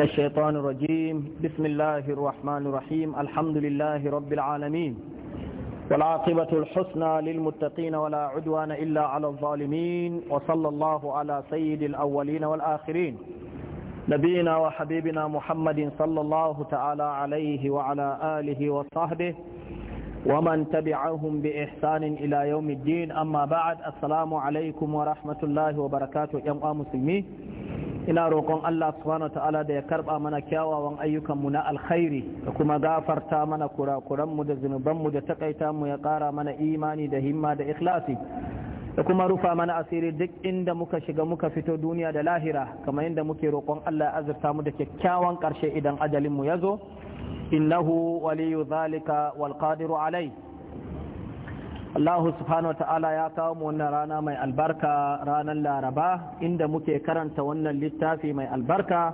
من الشيطان الرجيم بسم الله الرحمن الرحيم الحمد لله رب العالمين والعاقبة الحسنى للمتقين ولا عدوان إلا على الظالمين وصلى الله على سيد الأولين والآخرين نبينا وحبيبنا محمد صلى الله تعالى عليه وعلى آله وصحبه ومن تبعهم بإحسان إلى يوم الدين أما بعد السلام عليكم ورحمة الله وبركاته يا مسلمين ina roƙon Allah subhanahu wa ta'ala da ya karɓa mana kyawawan ayyukanmu na alkhairi da kuma gafarta mana kurakuranmu da zunubanmu da takaita mu ya ƙara mana imani da himma da ikhlasi da kuma rufa mana asiri duk inda muka shiga muka fito duniya da lahira kamar yadda muke roƙon Allah ya azurta mu da kyakkyawan ƙarshe idan ajalinmu ya zo innahu waliyu zalika wal qadiru alai Allah subhanahu wa ta'ala ya kawo mu wannan rana mai albarka ranar laraba inda muke karanta wannan littafi mai albarka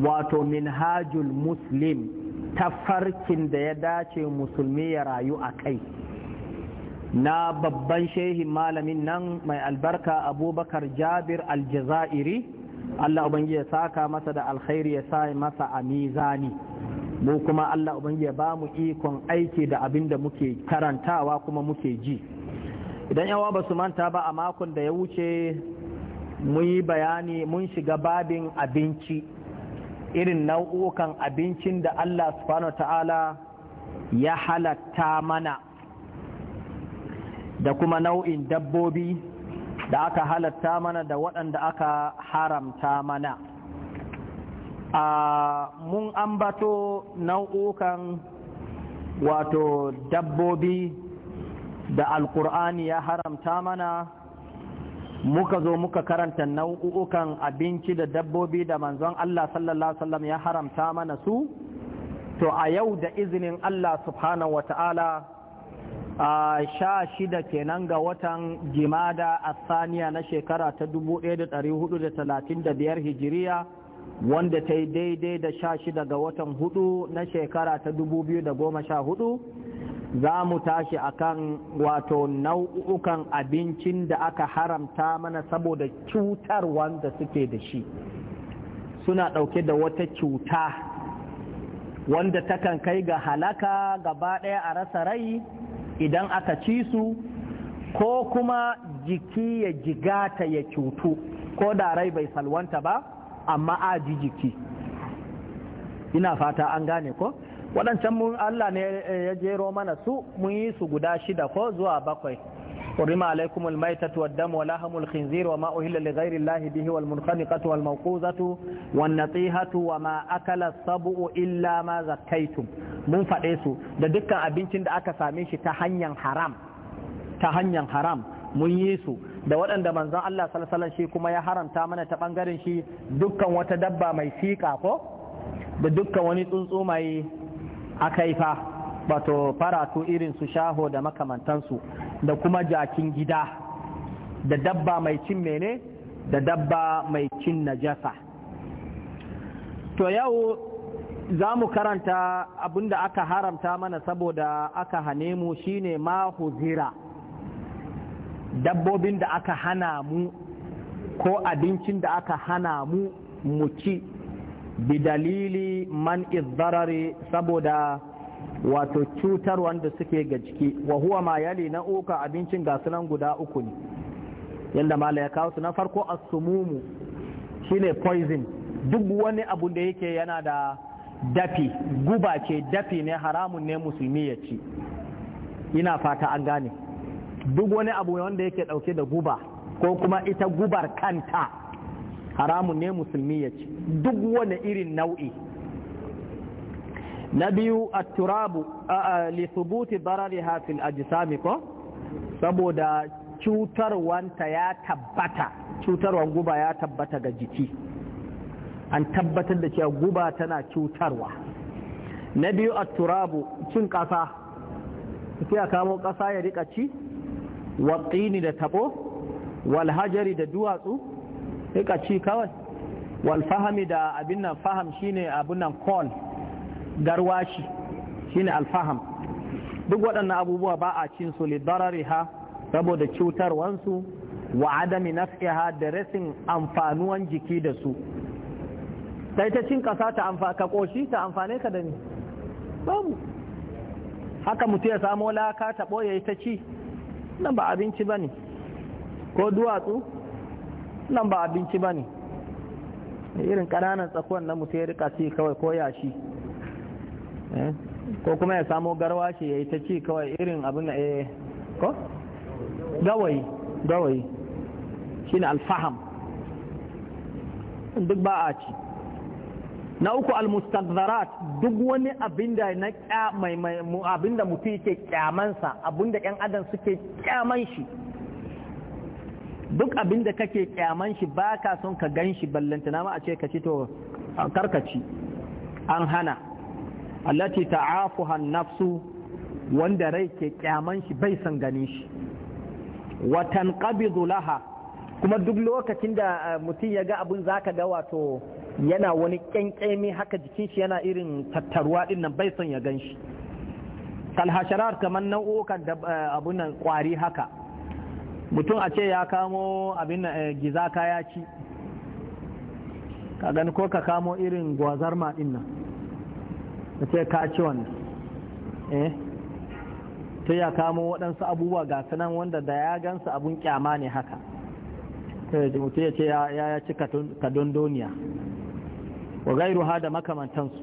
wato minhajul muslim tafarkin da ya dace musulmi ya rayu a kai na babban shehin malamin nan mai albarka abubakar jabir aljazairi Allah ubangiji ya saka masa da alkhairi ya sa masa a mizani mu kuma Allah ubangiji ya ba mu ikon aiki da abin da muke karantawa kuma muke ji idan yawa ba su manta ba a makon da ya wuce mu yi bayani mun shiga babin abinci irin nau'ukan abincin da Allah subhanahu ta'ala ya halatta mana da kuma nau'in dabbobi da aka halatta mana da waɗanda aka haramta mana a mun ambato nau'ukan wato dabbobi da alkur'ani ya haramta mana muka zo muka karanta nau'ukan abinci da dabbobi da manzon Allah sallallahu wasallam ya haramta mana su to a yau da izinin Allah subhanahu wa a sha shida kenan ga watan jimada a saniya na shekara ta 1435 hijiriya wanda ta yi daidai da sha shida ga watan hudu na shekara ta dubu biyu da goma sha hudu za mu tashi a kan wato nau'ukan abincin da aka haramta mana saboda cutar wanda suke da shi suna ɗauke da wata cuta wanda takan kai ga halaka gaba ɗaya a rasa rai idan aka ci su ko kuma jiki ya jigata ya cutu ko da rai bai salwanta ba amma a ji jiki ina fata an gane ko waɗancan mun Allah ne eh, ya jero mana su mun yi su guda shida ko zuwa bakwai حرم عليكم الميتة والدم ولحم الخنزير وما أهل لغير الله به والمنخنقة والموقوذة والنطيهة وما أكل السبع إلا ما زكيتم mun faɗe su da dukkan abincin da aka same shi ta hanyar haram ta hanyar haram da waɗanda manzon Allah sallallahu shi kuma ya haramta mana ta bangaren shi dukkan wata dabba mai fiƙa ko da dukkan wani tsuntsu mai akaifa wato faratu irin su shaho da makamantansu da kuma jakin gida da dabba mai cin mene da dabba mai cin najasa to yau za mu karanta abinda aka haramta mana saboda aka hane mu shine ma dabbobin da aka hana mu ko abincin da aka hana mu mu ci dalili man izdarari saboda wato cutar wanda suke ga jiki wa huwa ma yali na uka abincin ga sunan guda uku ne yadda mala ya kawo su na farko asumumu shine poison duk wani abu da yake yana da dafi guba ce dafi ne haramun ne musulmi ya ci ina fata an gane duk wani abu wanda yake dauke da guba ko kuma ita gubar kanta haramun ne musulmi ya ci duk wani irin nau'i na biyu a turabu a subuti barari hafin ajsami ko saboda cutarwanta ya tabbata cutarwan guba ya tabbata ga jiki an tabbatar da cewa guba tana cutarwa na biyu a turabu cin ƙasa sai a kamo ƙasa ya rika ci waƙini da taɓo hajari da duwatsu ka ci kawai walfahami da abin nan faham shine abin nan kon garwashi shine alfaham duk waɗannan abubuwa ba a cin su ha saboda wansu, wa adami naf'iha da rasin amfanuwan jiki da su sai ta cin ƙasa ta amfa ka ƙoshi ta amfane ka da ni babu haka mutum ya samo laka ta ɓoye ta ci nan ba abinci ba ne ko duwatsu nan ba abinci ba ne irin ƙananan tsakuwan na mutu ya rika ci kawai ko yashi eh? ko kuma ya samo garwashi ya yi ta ci kawai irin abin eh ko gawayi gawayi ne alfaham duk ba a ci na uku almustaqdarat duk wani abinda na mai abinda mutum yake kyamansa abinda yan adam suke kyaman shi duk abinda kake kyaman shi baka son ka gan shi ballantana ma a ce ka ci to karkaci an hana allati ta'afuha nafsu wanda rai ke kyaman shi bai san gani shi wa tanqabidu laha kuma duk lokacin da eh, mutum ya ga abin zaka ga wato yana wani kyankyami haka jikin shi yana irin tattaruwa din nan bai son ya gan shi kalhasharar kamar nau'ukan da eh, abun nan kwari haka mutum a ce ya kamo abin eh, giza kaya ci ka gani ko ka kamo irin gwazar din nan ka ce ka ci wannan eh ta ya kamo waɗansu abubuwa ga sanan wanda da ya gansu abun kyama ne haka ta ya ce ya ci kadondoniya wa gairuha da makamantansu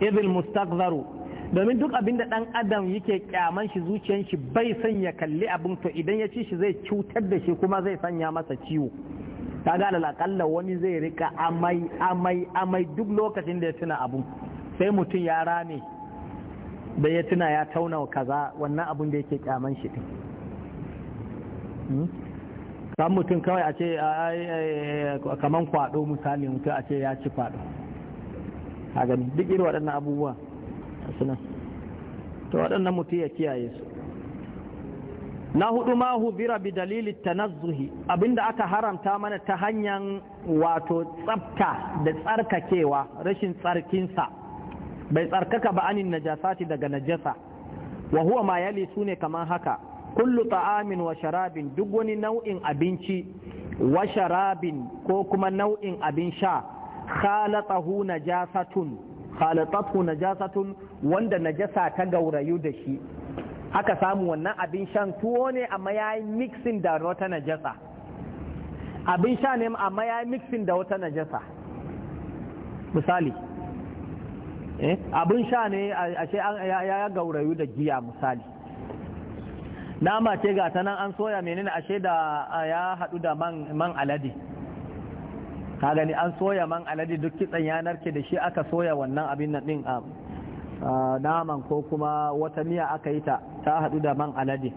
idil mustaqzaru domin duk abin da dan adam yake kyaman shi zuciyan shi bai san ya kalli abin to idan ya ci shi zai cutar da shi kuma zai sanya masa ciwo kaga ga akalla wani zai rika amai amai amai duk lokacin da ya tuna abun sai mutum ya rame da ya tuna ya tauna kaza wannan abun da yake kyaman shi din hmm? kan mutum kawai a ce kaman kwado misali mutum a ce ya ci kwado kaga duk irin waɗannan abubuwa suna to waɗannan mutum ya kiyaye su na hudu ma bira bi dalili tanazzuhi abinda aka haramta mana ta hanyar wato tsafta da tsarkakewa rashin tsarkinsa bai tsarkaka ba anin najasati daga najasa wa huwa ma yali ne kamar haka kullu ta'amin wa sharabin duk wani nau'in abinci wa sharabin ko kuma nau'in abin sha khalatahu najasatun khalatathu najasatun wanda najasa ta gaurayu da shi aka samu wannan abin shan tuwo ne amma ya yi da wata najasa abin sha ne amma yayi mixing da wata najasa misali eh abin sha ne ashe ya gaurayu da giya misali nama ce ga tanan an soya menene ashe da ya hadu da man alade ka gani an soya man alade duk kitsan yanar ke da shi aka soya wannan abin nan din um, uh, naman ko kuma wata miya aka yi ta ta haɗu da man alade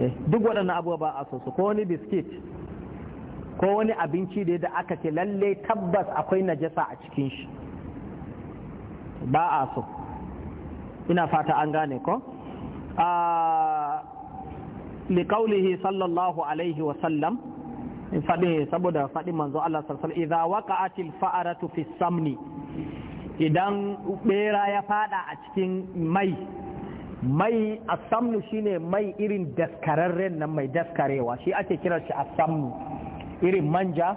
eh, duk waɗannan abubuwa ba a so su ko wani biskit ko wani abinci da da aka ce lalle tabbas akwai najasa a cikin shi ba a so ina fata an gane ko a uh, liƙaulihi sallallahu alaihi wasallam faɗi saboda faɗi manzo Allah sallallahu alaihi idza waqa'atil fa'aratu fi samni idan bera ya fada a cikin mai mai asamnu shine mai irin daskararren nan mai daskarewa shi ake kiran shi asamnu irin manja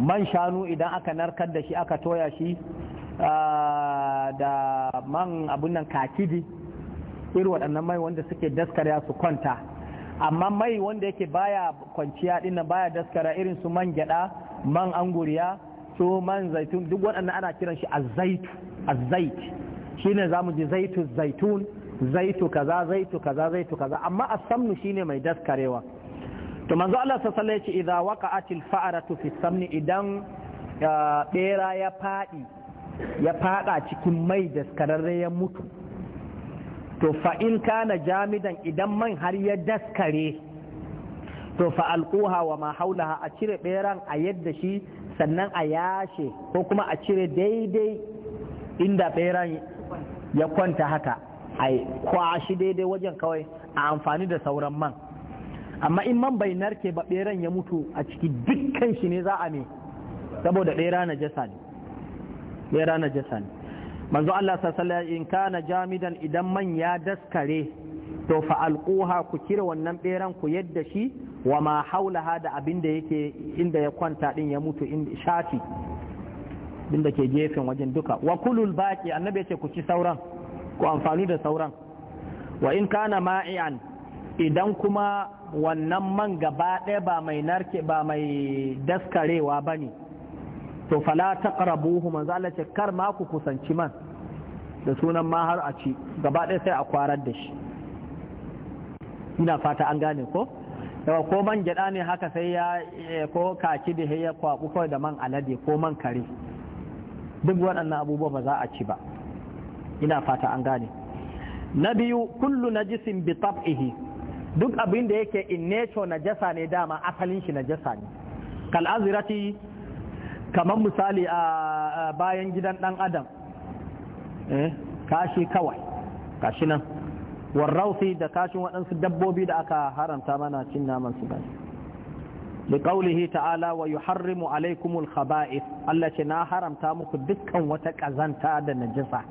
man shanu idan aka narkar da shi aka toya shi ah, da man abun nan kakidi irin waɗannan mai wanda suke daskarewa su kwanta amma mai wanda yake baya kwanciya dinnan baya daskara irin su man gyada man anguriya su man zaitun duk waɗannan ana kiran shi azzaitu azzait shine zamu ji zaitu zaitun zaitu kaza zaitu kaza zaitu kaza amma asamnu shine mai daskarewa to manzo Allah sallallahu alaihi wasallam idza waqa'atil fa'aratu fi samni idan bera ah, ya fadi ya fada cikin mai daskararre ya mutu to fa in kana jamidan idan man har ya daskare to fa alquha wa ma haulaha a cire beran a yadda shi sannan a yashe ko kuma a cire daidai inda beran ya kwanta haka a kwashi daidai wajen kawai a amfani da sauran man amma in man bai narke ba beran ya mutu a ciki dukkan shi ne za a ne saboda bera na jasa na jasa manzo Allah alaihi in kana jamidan idan man ya daskare to fa alquha ku kira wannan beran ku yadda shi wa ma haula hada abin da yake inda ya kwanta din ya mutu in shafi din ke gefen wajen duka wa kulul baqi annabi yace ku ci sauran ku amfani da sauran wa in kana ma'ian idan kuma wannan man gaba ɗaya ba mai narke ba mai daskarewa bane to fala taqrabuhu manzo Allah ce kar ma ku kusanci man da sunan ma har a ci gaba ɗaya sai a kwarar da shi ina fata an gane ko yawa ko man gyada ne haka sai ya eh, ko kaki da ya kwaɓu kawai da man alade ko man kare duk waɗannan abubuwa ba za a ci ba ina fata an gane na biyu kullu ji bi ihi duk abin da yake in nature jasa ne dama asalin shi na jasa ne kal kamar misali a bayan gidan ɗan adam eh, kashi kawai kashi nan warrausi da kashin waɗansu dabbobi da aka haramta mana cin naman su gani da ƙaulihi ta'ala wa yi harrimu alaikumul Allah ce na haramta muku dukkan wata ƙazanta da najisa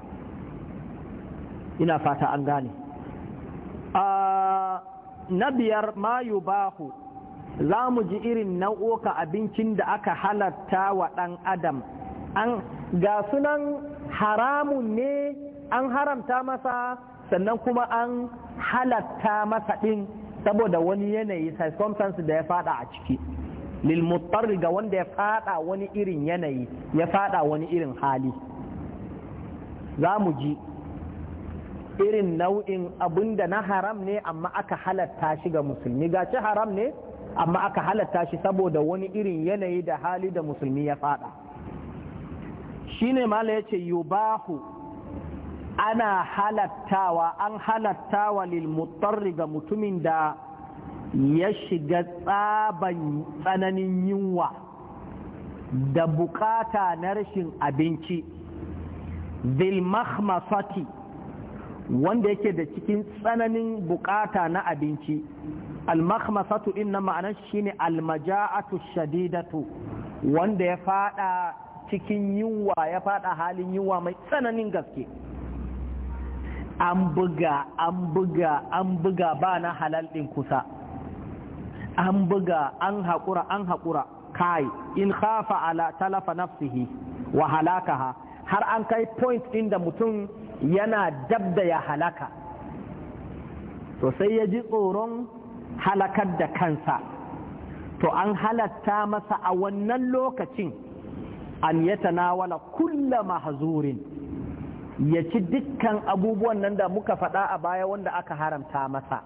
ina fata an gane na biyar ma yubahu za mu ji irin nau'oka abincin da aka halatta wa ɗan adam an ga sunan haramun ne an haramta masa sannan kuma an halatta masa ɗin saboda wani yanayi circumstance da ya fada a ciki lilmuttar ga wanda ya fada wani irin yanayi ya fada wani irin hali za mu ji irin nau'in abin da na haram ne amma aka halatta shi ga musulmi ga ce haram ne amma aka halatta shi saboda wani irin yanayi da hali da musulmi ya fada shine mala yace yubahu ana halattawa an halattawa lil mutarri ga mutumin da ya shiga tsaban tsananin yunwa da bukata na rashin abinci bil mahmasati wanda yake da cikin tsananin bukata na abinci almakhmasatu inna na ma'anar shine almaja'atu shadidatu wanda ya fada cikin yunwa ya fada halin yunwa mai tsananin gaske an buga an buga an buga ba na halal din kusa an buga an haƙura an hakura kai in khafa ala talafa nafsihi wa halakaha har an kai point din da mutum yana dab da ya halaka to sai ya ji tsoron halakar da kansa to an halatta masa a wannan lokacin an ya kulla mahazurin ya ci dukkan abubuwan nan da muka faɗa a baya wanda aka haramta masa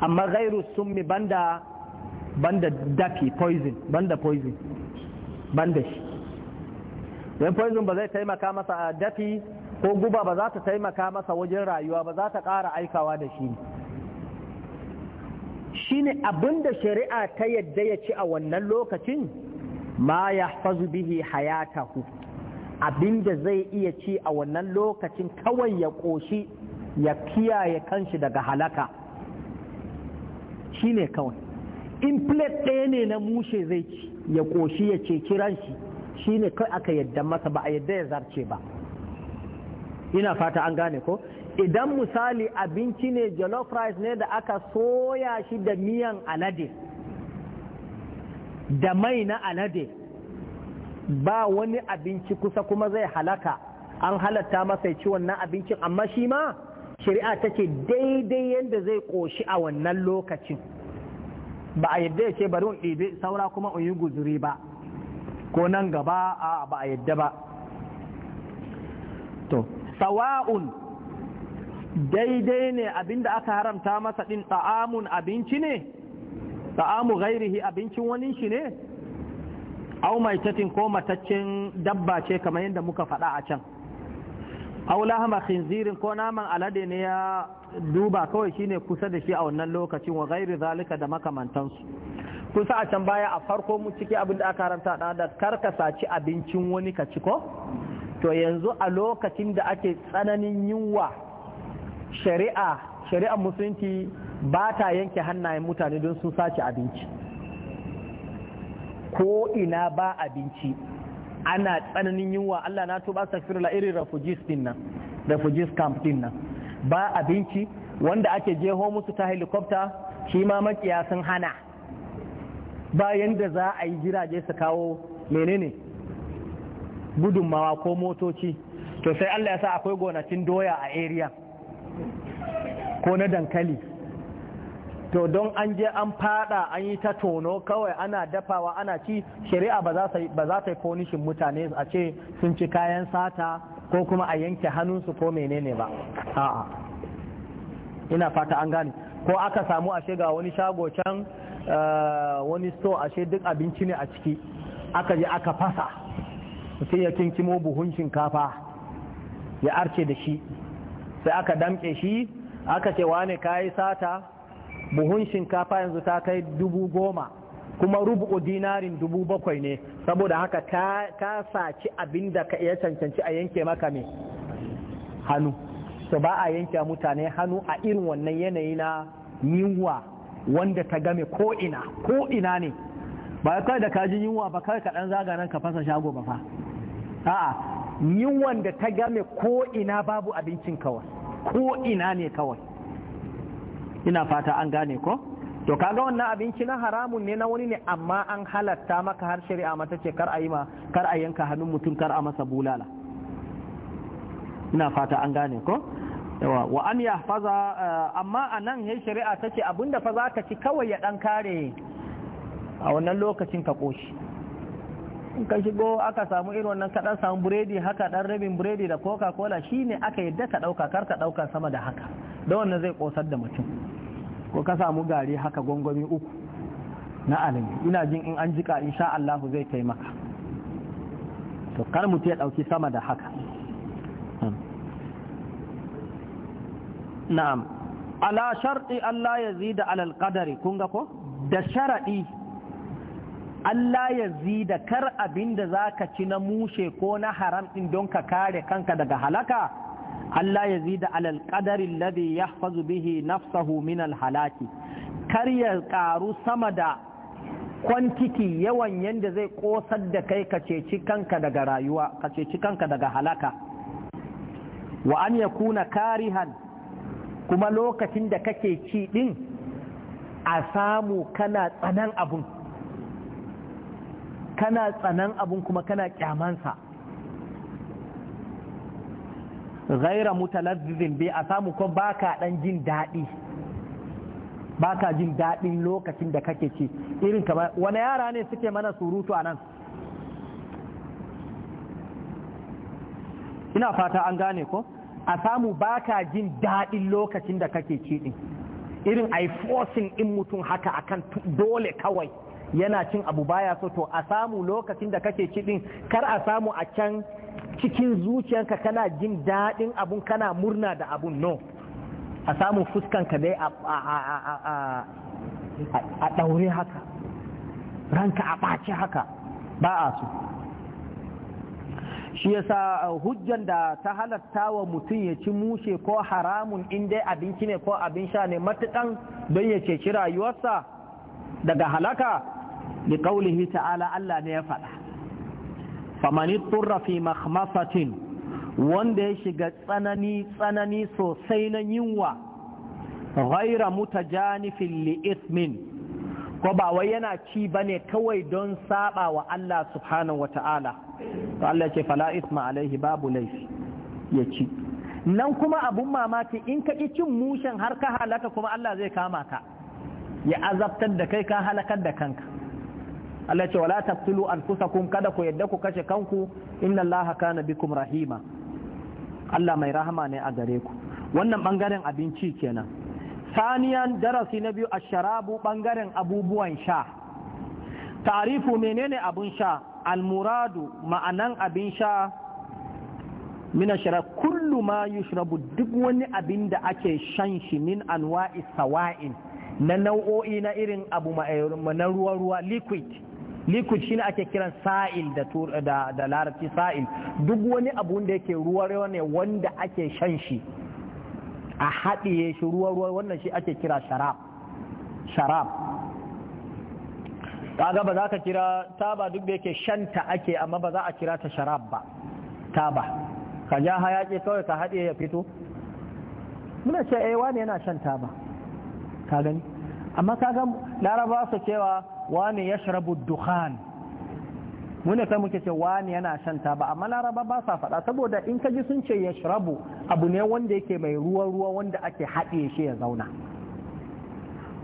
amma gairu summi banda banda dafi poison banda poison banda shi don poison ba zai taimaka masa a dafi ko guba ba za ta taimaka masa wajen rayuwa ba za ta ƙara aikawa da shi ne ne abin da shari'a ta yadda ya ci a wannan lokacin ma ya fazu bihi hayata Abin da zai iya ci a wannan lokacin kawai ya ƙoshi ya kiyaye kanshi daga halaka ne kawai in filet ɗaya ne na mushe zai ci ya ƙoshi ya ce kiran shi ne kai aka yadda masa ba a yadda ya zarce ba ina fata an gane ko idan misali abinci ne jollof rice ne da aka soya shi da miyan alade da mai na alade ba wani abinci kusa kuma zai halaka an halatta masa ciwon na abincin amma shi ma shari'a ta ce daidai yadda zai ƙoshi a wannan lokacin ba a yadda ya ce bari in ɗebe saura kuma in yi guzuri ba ko nan gaba a ba a yadda ba to sawa'un daidai ne abinda aka haramta masa din ta'amun abinci ne ta'amu ghairihi abincin wani shi ne au mai ko mataccen dabba ce kamar yadda muka faɗa a can au lahama khinzirin ko naman alade ne ya duba kawai shine kusa da shi a wannan lokacin wa ghairi zalika da makamantansu kusa a can baya a farko mu ciki abin da aka haramta da da karkasa ci abincin wani ka ci ko to yanzu a lokacin da ake tsananin yunwa shari'a shari'ar musulunci ba ta yanke hannayen mutane don sun sace abinci ko ina ba abinci ana tsananin yunwa Allah na tuba safirla irin refugees din nan refugees camp din nan ba abinci wanda ake jeho musu ta helicopter shi ma makiya sun hana bayan da za a yi jirage su kawo menene gudunmawa ko motoci to sai Allah ya sa akwai gonakin doya a area ko na dankali to don an je an fada an yi ta tono kawai ana dafawa ana ci shari'a ba za ta yi konishin mutane a ce sun ci kayan sata ko kuma a yanke hannunsu ko menene ba a'a ina fata an gane ko aka samu ashe ga wani shago can eh, wani store ashe duk abinci ne a ciki aka je aka fasa mutum ya kinkimo buhun shinkafa ya arce da shi sai aka damke shi aka ce wane ka yi sata buhun shinkafa yanzu ta kai dubu goma kuma rubu dinarin dubu bakwai ne saboda haka ka saci abin da ka iya cancanci a yanke maka mai? hannu to ba a yanke mutane hannu a irin wannan yanayi na yunwa wanda ta game ko'ina ko'ina ne ba kai da kaji yunwa ba kai kaɗan zaga nan ka fasa shago ba fa a'a yunwan da ta game ko'ina babu abincin kawai ko ina ne kawai ina fata an gane ko to kaga wannan abinci na haramun ne na wani ne amma an halatta maka har shari'a mata ce kar a yi ma kar a yanka hannun mutum kar a masa bulala ina fata an gane ko yawa wa an ya faza eh, amma a nan yayin shari'a ta ce abinda fa za ka ci kawai ya dan kare a wannan lokacin ka koshi in ka shigo aka samu irin wannan kaɗan samu buredi haka dan rabin buredi da coca cola shine aka yadda ka ɗauka kar ka ɗauka sama da haka don wannan zai kosar da mutum ko ka samu gari haka gwangwami uku na alimi ina jin in an jika insha Allah zai taimaka to kar mu ta dauki sama da haka na'am ala sharti Allah ya zida alal kun ga ko da sharadi Allah ya zi da kar abin da za ka ci na mushe ko na haram ɗin don ka kare kanka daga halaka, Allah ya zi da ƙadarin ladhi ya bihi nafsahu min halaki, kar ya ƙaru sama da kwantiki yawan yadda zai ƙosar da kai ka ceci kanka daga rayuwa, ka ceci kanka daga halaka. Wa an ya kuna karihan kuma lokacin da kake ci ɗin a samu kana tsanan abun. kana tsanan abun kuma kana kyamansa gaira mutalazzizin bai a samu ko baka dan jin daɗi baka jin daɗin lokacin da kake ci irin kamar wani yara ne suke mana surutu a nan ina fata an gane ko a samu baka jin daɗin lokacin da kake ci din irin ai forcing in mutum haka akan dole kawai yana cin abu baya so to a samu lokacin da kake ci kar a samu a can cikin zuciyanka kana jin daɗin abun kana murna da abun no a samu fuskanka dai a ɗaure haka ranka a ɓaci haka ba a so shi yasa uh, hujjan da ta halatta wa mutum ya ci mushe ko haramun in dai abinci ne ko abin sha ne matukan don ya ceci rayuwarsa daga halaka bi qawlihi ta'ala Allah ne ya faɗa famani turra fi makhmasatin wanda ya shiga tsanani tsanani sosai na yinwa ghaira mutajanifin li ismin ko ba wai yana ci bane kawai don saba wa Allah subhanahu wa ta'ala to Allah ce fala isma alaihi babu laifi ya ci nan kuma abun mamaki in ka ƙi cin mushen har ka halaka kuma Allah zai kama ka ya azabtar da kai ka halakar da kanka Allah ce wala taqtulu anfusakum kada ku yadda ku kashe kanku inna Allah kana bikum rahima Allah mai rahama ne a gare ku wannan bangaren abinci kenan saniyan darasi na biyu a asharabu bangaren abubuwan sha tarifu menene abun sha almuradu ma'anan abin sha min ashara kullu ma yushrabu duk wani abin da ake shan shi min anwa'i sawa'in na nau'o'i na irin abu eh, na ruwa-ruwa liquid liquid shine ake kiran sa'il da da, larabci sa'il duk wani abu da yake ruwa ruwa ne wanda ake shan shi a haɗiye shi ruwa ruwa wannan shi ake kira sharab sharab kaga ba za ka kira taba duk da yake shanta ake amma ba za a kira ta sharab ba taba ka ja hayaƙi kawai ka haɗiye ya fito muna ce eh wani yana shan taba ka gani amma kaga laraba su cewa wani ya shirabu dukhan mune sai muke ce wani yana shan taba amma laraba ba sa faɗa saboda in ka ji sun ce ya shirabu abu ne wanda yake mai ruwa ruwa wanda ake haɗe shi ya zauna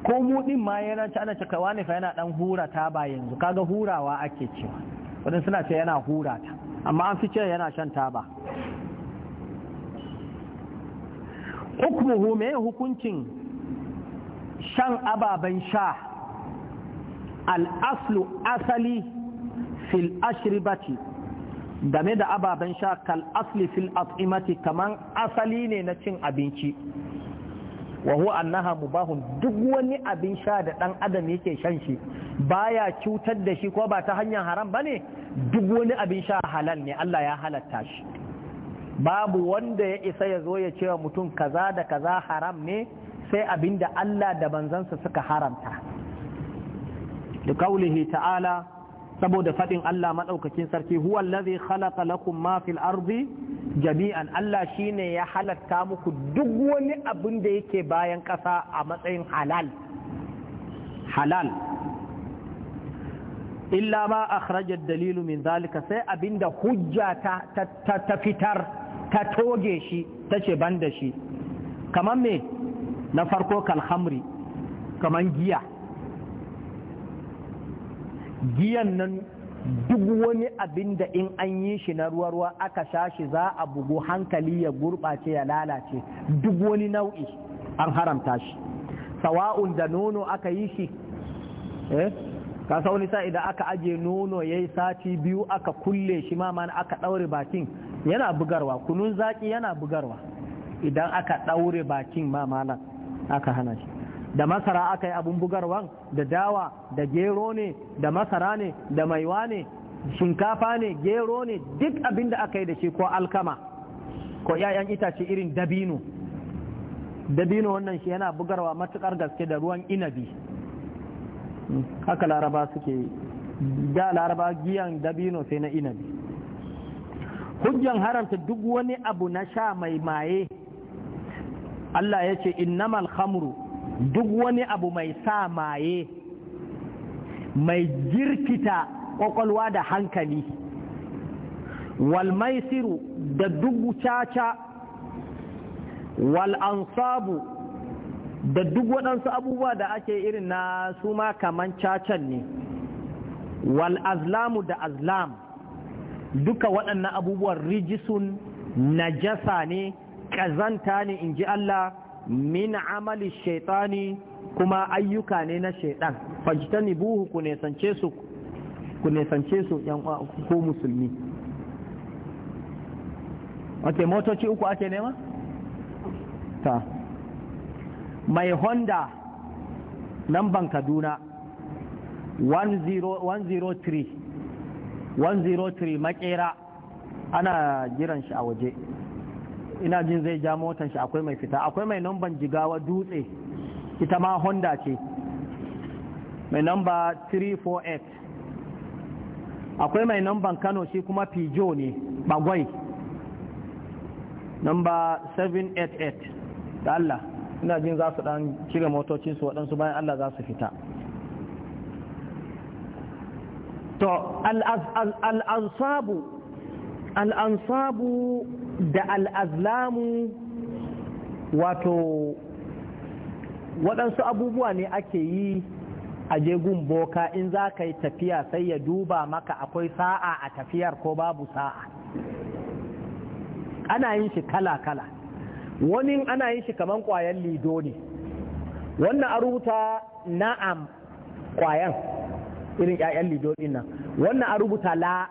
ko mu ma yana ci ana cika wani fa yana dan hura taba yanzu kaga hurawa ake cewa wadanda suna ce yana hura ta amma an fi ce yana shan taba Hukumu, me hukuncin shan ababen sha al'aslu asali fil ashribati game da ababen sha kal asli fil at'imati kaman asali ne na cin abinci wa huwa annaha mubahun duk wani abin sha da dan adam yake shan shi baya cutar da shi ko ba ta hanyar haram bane duk wani abin sha halal ne Allah ya halatta shi babu wanda ya isa ya zo ya ce wa mutum kaza da kaza haram ne sai abinda Allah da banzansa suka haramta da kaulihi ta'ala saboda faɗin Allah maɗaukakin sarki huwa allazi khalaqa lakum ma fil ardi jami'an Allah shine ya halatta muku duk wani abin da yake bayan ƙasa a matsayin halal halal illa ma akhraja dalilu min zalika sai abinda hujja ta ta, ta, ta fitar ta toge shi ta ce banda shi kamar me na farko kalhamri kaman giya giyan nan duk wani abin da in an yi shi na ruwa-ruwa aka sha shi za a bugu hankali ya gurɓace ya lalace duk wani nau'i an haramta shi sawa'un da nono aka yi shi eh kasa wani sa idan aka aje nono ya yi sati biyu aka kulle shi ma aka ɗaure bakin yana bugarwa kunun zaki yana bugarwa idan aka ɗaure bakin ma malam aka hana shi da masara aka yi abun bugarwan da dawa da gero ne da masara ne da maiwa ne shinkafa ne gero ne duk abin da aka yi da shi ko alkama ko 'ya'yan itace irin dabino dabino wannan shi yana bugarwa matukar gaske da ruwan inabi haka laraba suke da laraba giyan dabino sai na inabi hujjan haramta duk wani abu na sha mai maye Allah ya ce innamal khamru duk wani abu mai sa maye mai jirkita kwakwalwa da hankali wal maisiru da duk caca wal ansabu da duk waɗansu abubuwa da ake irin na su ma kaman cacan ne wal azlamu da azlam duka waɗannan abubuwan rijisun najasa ne ƙazanta ne in ji Allah min amali shaitani kuma ayyuka ne na shaitan fajitani buhu ku nesance su ku ko musulmi ok motoci uku ake nema? ta mai honda ban kaduna 103 103 makera ana jiran shi a waje ina jin zai ja motar shi akwai mai fita akwai mai namban jigawa dutse ita ma honda ce mai namba 348 akwai mai namban kano shi kuma pijo ne bagwai namba 788 da Allah ina jin za su dan cire motocinsu waɗansu bayan Allah za su fita to al'ansabu al'ansabu da al'azlamu wato waɗansu abubuwa ne ake yi a jegun boka in za ka yi tafiya sai ya duba maka akwai sa'a a tafiyar ko babu sa'a ana yin shi kala-kala wani ana yin shi kamar ƙwayan lido ne wannan a rubuta na'am ƙwayan irin 'ya'yan lido ɗin nan wannan a rubuta la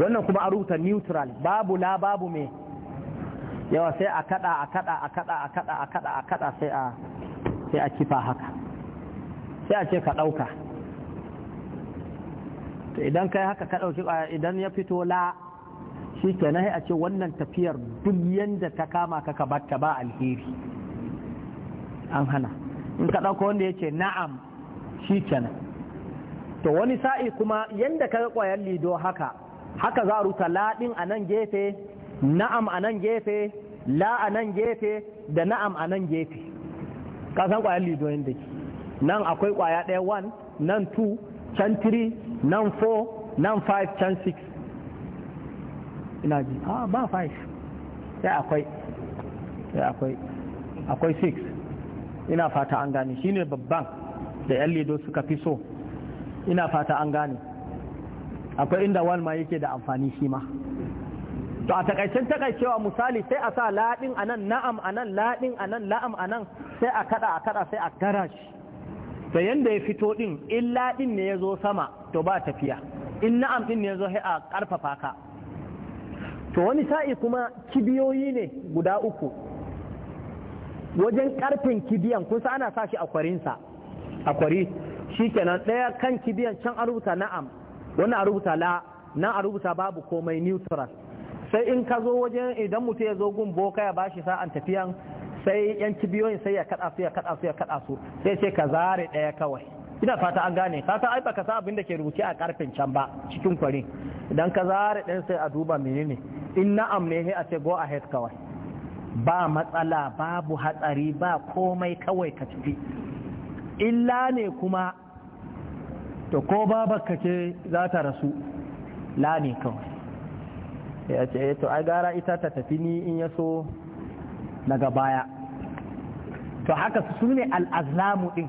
wannan kuma a rubuta neutral babu la babu me yawa sai a kada a kada a kada a kada a kada a kada sai a sai a kifa haka sai a ce ka dauka to idan kai haka ka dauki idan ya fito la shi kenan a ce wannan tafiyar duk yanda ta kama ka ka batta ba alheri an hana in ka dauka wanda ya ce na'am shi kenan to wani sa'i kuma yanda ka ga kwayar lido haka haka za a rubuta laɗin a nan gefe na'am a nan gefe la a nan gefe da na'am a nan gefe ka san ƙwayar lidoyin da ke nan akwai ƙwaya ɗaya 1 nan 2 can 3 nan 4 nan 5 can 6 ina ji a ah, ba 5 sai akwai sai akwai akwai 6 ina fata an gane shine babban da yan lido suka fi so ina fata an gane akwai inda walma yake da amfani shi ma to a takaicen takaicewa misali sai a sa laɗin anan na'am anan laɗin anan la'am anan sai a kada a kada sai a gara shi da yanda ya fito din in laɗin ne ya zo sama to ba tafiya in na'am din ne ya zo sai a karfafa ka to wani sa'i kuma kibiyoyi ne guda uku wajen karfin kibiyan kusa ana sa shi a kwarinsa a kwari kenan ɗaya kan kibiyan can a rubuta na'am wannan a rubuta la nan a rubuta babu komai neutral sai in ka zo wajen idan mutum ya zo gun boka ya bashi sa'an tafiyan sai yan kibiyoyin sai ya kada su ya kada ya kada su sai ce ka zare ɗaya kawai ina fata an gane fata ai baka sa abin da ke rubuce a karfin can ba cikin kwari idan ka zare ɗaya sai a duba menene in na'am ne a ce go ahead kawai ba matsala babu hatsari ba komai kawai ka tafi illa ne kuma to ko babarka ce za ta rasu la kawai ya ce eh, to ai gara ita ta tafi ni in ya so daga baya to haka su ne al'azlamu ɗin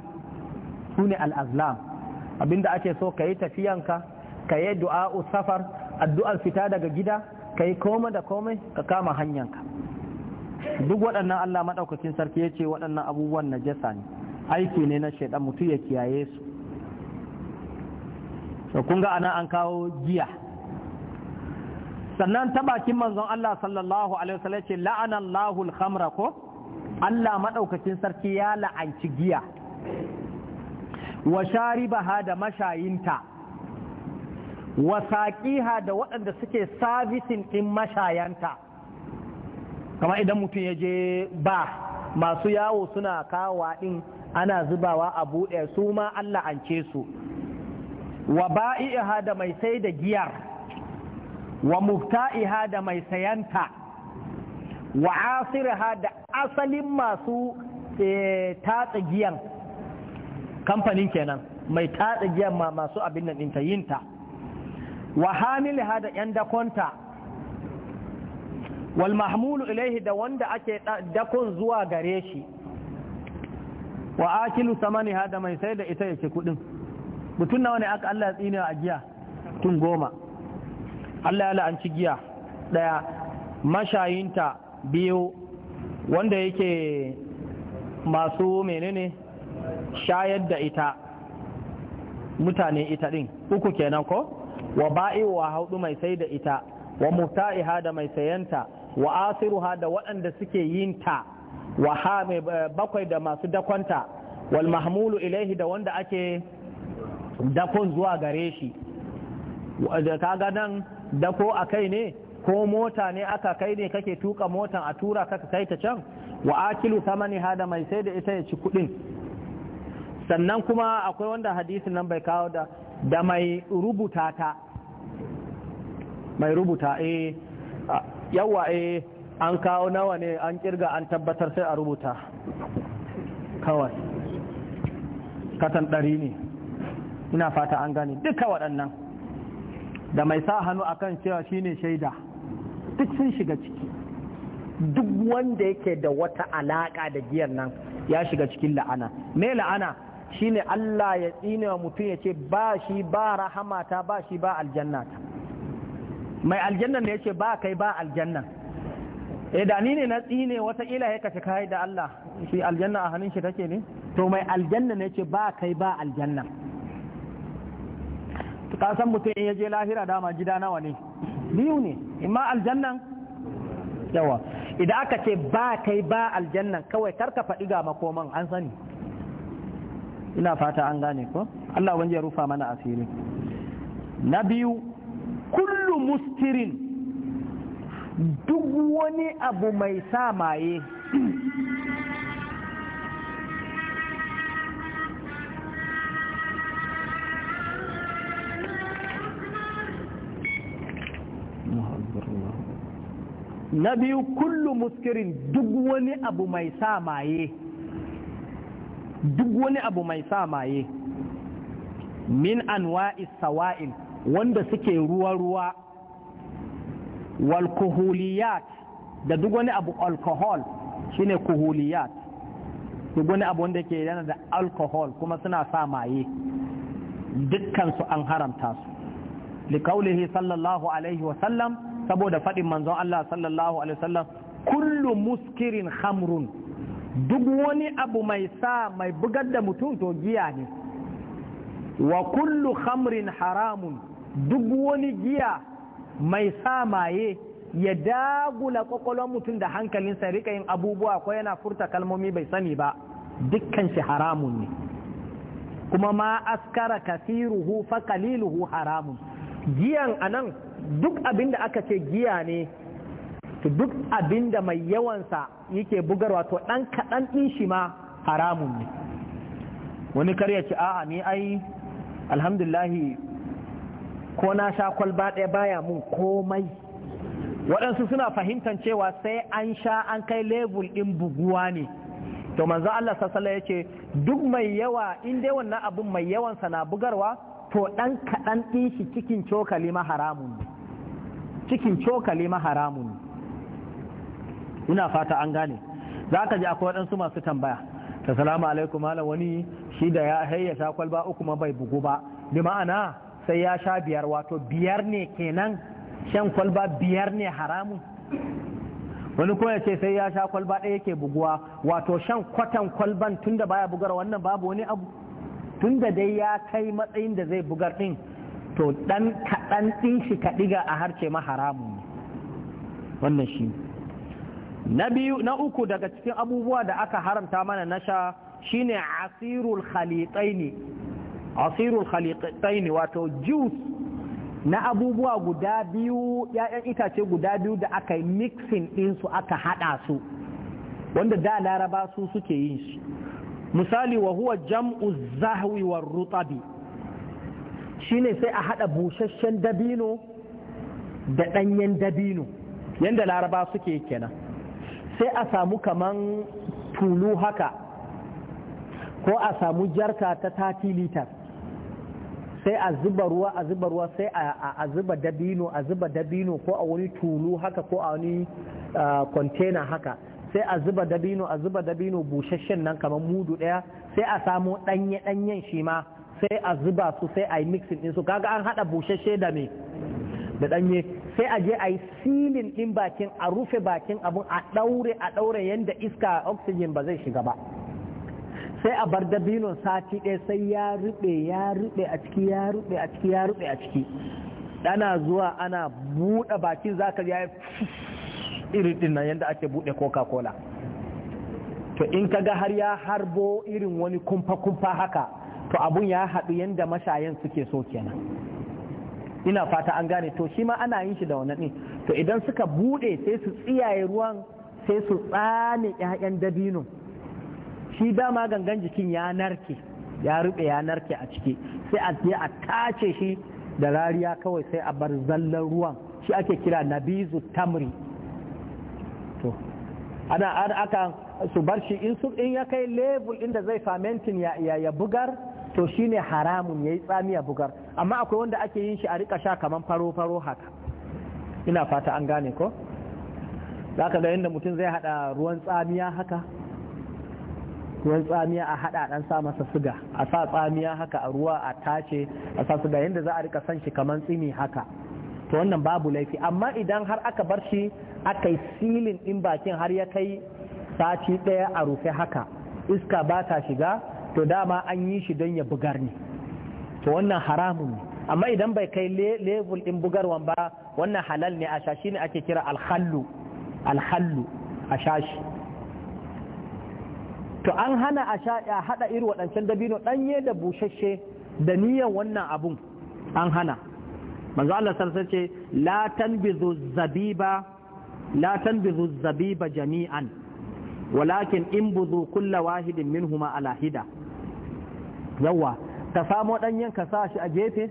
su ne al'azlam abinda ake so ka yi tafiyanka ka yi du'a'u safar addu'ar fita daga gida ka yi koma da komai ka kama hanyanka duk waɗannan Allah maɗaukakin sarki ya ce waɗannan abubuwan na najasa ne aiki ne na shaidan mutu ya kiyaye su to kun ga ana an kawo giya sannan ta bakin manzon Allah sallallahu alaihi wasallam ce la'ana Allahul khamra ko Allah madaukakin sarki ya la'anci giya wa sharibaha da mashayinta wa saqiha da waɗanda suke sabisin din mashayanta kamar idan mutum ya je ba masu yawo suna kawa din ana zubawa a buɗe su ma Allah ance su wa ba'iha da mai sai da giyar wa mufta'iha da mai sayanta wa asirha da asalin masu eh, tatsa giyan kamfanin kenan mai tatsa giyan ma masu abin nan ɗinta yinta wa hamilha da ‘yan dakonta wal mahmulu ilaihi da wanda ake dakon zuwa gare shi wa akilu samaniha da mai sai da ita yake kuɗin mutum nawa ne aka Allah ya tsine a giya tun goma Allah ya la'anci giya ɗaya mashayinta biyu wanda yake masu menene shayar da ita mutane ita din uku kenan ko wa ba'i wa haudu mai sai da ita wa muta'iha da mai sayanta wa asiruha da waɗanda suke yin ta wa eh, bakwai da masu dakonta wal mahmulu ilaihi da wanda ake dakon zuwa gare shi kaga nan dako a kai ne ko mota ne aka kai ne kake tuka motan a tura kaka kai ta can wa akilu samani hada mai sai da ita ya ci kudin sannan kuma akwai wanda hadisin nan bai kawo da da mai rubuta ta mai rubuta eh yawa eh an kawo nawa ne an kirga an tabbatar sai a rubuta kawai katan ɗari ne ina fata an gane duka waɗannan da mai sa hannu a kan cewa shine shaida duk sun shiga ciki duk wanda yake da wata alaƙa da giyar nan ya shiga cikin la'ana me la'ana shine Allah ya tsine wa mutum ya ce ba shi ba rahamata ba shi ba aljannata mai aljannan da ya ce ba kai ba aljannan eh, da ni ne na tsine wata ila ya kashe kai da Allah shi aljanna a hannun shi take ne to mai aljanna ne ce ba kai ba aljannan. ka san mutum in ya je lahira dama gida nawa ne biyu ne imma aljannan yawa idan aka ce ba kai ba aljannan kawai karka faɗi ga makoman an sani ina fata an gane ko Allah wanje rufa mana asiri na biyu kullu mustirin duk wani abu mai sa maye na biyu kullu muskirin duk wani abu mai sa maye duk wani abu mai sa maye min anwa'is sawa'il wanda suke ruwa-ruwa walkuhuliyat da duk wani abu alcohol shine kuhuliyat duk wani abu wanda ke yana da alcohol kuma suna sa maye dukkansu an haramta su likaulihi sallallahu alaihi sallam. saboda faɗin manzon Allah sallallahu alaihi wasallam kullu muskirin hamrun duk wani abu mai sa mai bugar da mutum to giya ne wa kullu khamrin haramun duk wani giya mai sa maye ya dagula kwakwalwar mutum da hankalinsa rika yin abubuwa ko yana furta kalmomi bai sani ba dukkan shi haramun ne kuma ma askara kasiruhu fa kaliluhu haramun giyan anan duk abin da aka ce giya ne to duk abin da mai yawansa yake bugarwa to ɗan kaɗan ɗin shi ma haramun ne wani ya ce a'a ni ai alhamdulahi ko na sha kwalba ɗaya baya mun komai waɗansu suna fahimtar cewa sai an sha an kai level ɗin buguwa ne to manzo Allah sassala ya ce duk mai yawa in dai wannan abun mai yawansa na bugarwa to ɗan kaɗan ɗin shi cikin cokali ma haramun ne cikin cokali ma haramun ina fata an gane za ka ji akwai waɗansu masu tambaya ta salamu alaikum malam wani shi da ya hayyasa kwalba uku ma bai bugu ba bi ma'ana sai ya sha biyar wato biyar ne kenan shan kwalba biyar ne haramun wani kuma ce sai ya sha kwalba ɗaya yake buguwa wato shan kwatan kwalban tunda baya bugar wannan babu wani abu tunda dai ya kai matsayin da zai bugar ɗin to dan kaɗan ɗin shi ka ɗiga a harce ma haramun wannan shi na na uku daga cikin abubuwa da aka haramta mana na sha shine asirul khalitaini asirul khalitaini wato juice na abubuwa guda biyu ‘ya'yan itace guda biyu da aka yi mixing su aka haɗa su wanda da laraba su suke yin shi misali wa huwa jam'u zahwi wa rutabi shine sai a haɗa busasshen dabino da ɗanyen dabino yadda laraba suke kenan sai a samu kaman tulu haka ko a samu jarka ta tati litar sai a zuba ruwa a zuba ruwa sai a zuba dabino a zuba dabino ko a wani tulu haka ko a wani container haka sai a zuba dabino a zuba dabino busasshen nan kamar mudu ɗaya sai a samu ɗanye-ɗanyen shi ma sai a zuba su sai a yi mixing din su kaga an hada bushashe da me da danye sai a je a yi silin din bakin a rufe bakin abun a daure a daure yadda iska oxygen ba zai shiga ba sai a bar dabinon sati ɗaya sai ya rube ya rube a ciki ya rube a ciki ya rube a ciki ana zuwa ana buɗe bakin zaka ya irin din nan yanda ake buɗe coca cola to in kaga har ya harbo irin wani kumfa kumfa haka to abun ya haɗu yadda mashayan suke so kenan ina fata an gane to shi ma ana yin shi da wannan ne to idan suka buɗe sai su tsiyaye ruwan sai su tsane 'ya'yan dabino shi dama gangan jikin ya narke ya ruɓe ya narke a ciki sai a je a tace shi da rariya kawai sai a bar zallan ruwan shi ake kira nabizu tamri to ana aka su bar shi in su in ya kai level inda zai famentin ya bugar to shi ne haramun ya yayi tsamiya bugar amma akwai wanda ake yin shi a rika sha kaman faro faro haka ina fata an gane ko za ga yadda mutum zai haɗa ruwan tsamiya haka ruwan tsamiya a hada dan sa masa suga a sa tsamiya haka a ruwa a tace a sa suga yadda za a rika san shi kamar tsimi haka to wannan babu laifi amma idan har aka bar shi aka yi silin din bakin har ya kai sati ɗaya a rufe haka iska ba ta shiga to dama an yi shi don ya bugar ne to wannan haramun ne amma idan bai kai level din bugarwan ba wannan halal ne a shashi ne ake kira alhallu alhallu a shashi to an hana a haɗa iri waɗancan dabino ɗanye da bushashe da niyyar wannan abun an hana manzo Allah sarsa ce la tanbizu zabiba la tanbizu zabiba jami'an walakin in buzu kulla wahidin minhuma ala hida yawa ka samo ɗanyen ka sa shi a gefe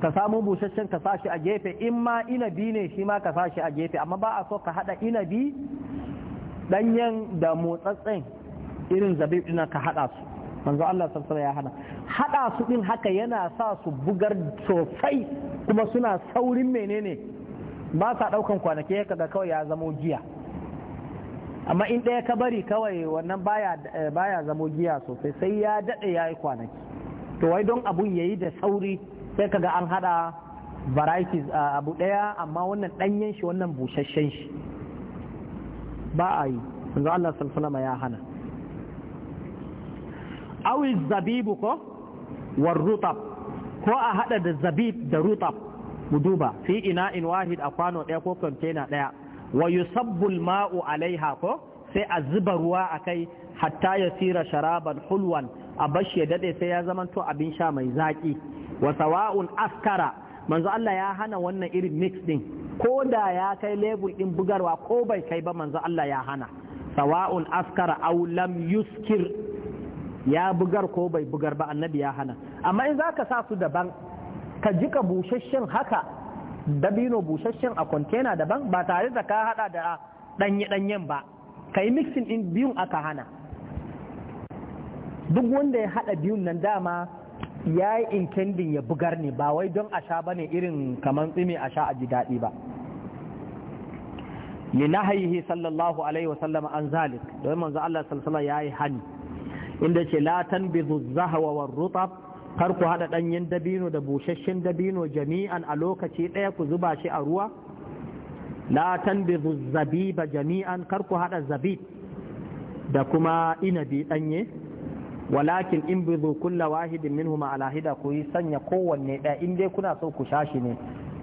ka samo busasshen ka sa shi a gefe in ma inabi ne shi ma ka sa shi a gefe amma ba a so ka haɗa inabi ɗanyen da motsatsen irin zabib ɗina ka haɗa su manzo Allah sassara ya hana haɗa su ɗin haka yana sa su bugar sosai kuma suna saurin menene ba sa ɗaukan kwanaki ya kaga kawai ya zamo jiya amma in ɗaya ka bari kawai wannan eh, baya zamo giya sosai sai ya daɗe ya yi kwanaki to wai don abun ya yi da sauri sai ga an haɗa varieties abu ɗaya amma wannan ɗanyen shi wannan busasshen shi ba a yi yanzu Allah ya hana awi zabibu ko war rutab ko a haɗa da zabib da rutab mu duba fi ina in wahid a kwano ɗaya ko container ɗaya wa yusabbul ma'u alaiha ko sai a zuba ruwa a kai hatta ya sira sharaban hulwan a bashi ya dade sai ya zamanto abin sha mai zaƙi wa sawa'un askara manzo Allah ya hana wannan irin mix din ko da ya kai lebur din bugarwa ko bai kai ba manzo Allah ya hana sawa'un askara aw lam yuskir ya bugar ko bai bugar ba annabi ya hana amma in zaka sa su daban ka jika busasshen haka dabino busasshen a kwantena daban ba tare da ka hada da danye-danyen ba ka yi mixin din biyun aka hana duk wanda ya hada biyun nan dama ya yi intendin ya bugar ne ba wai don a sha ba ne irin kamar tsimi a sha a ji daɗi ba nahayhi sallallahu alaihi wasallam an zalik domin manzo Allah sallallahu ya yi hani inda ce la tanbidu zahwa war rutab kar ku haɗa ɗanyen dabino da busasshen dabino jami'an a lokaci ɗaya ku zuba shi a ruwa latan tanbizu zabiba jami'an kar ku haɗa zabib da kuma inabi ɗanye walakin in bizu kulla wahidin minhuma a lahida ku yi sanya kowanne ɗaya in dai kuna so ku sha shi ne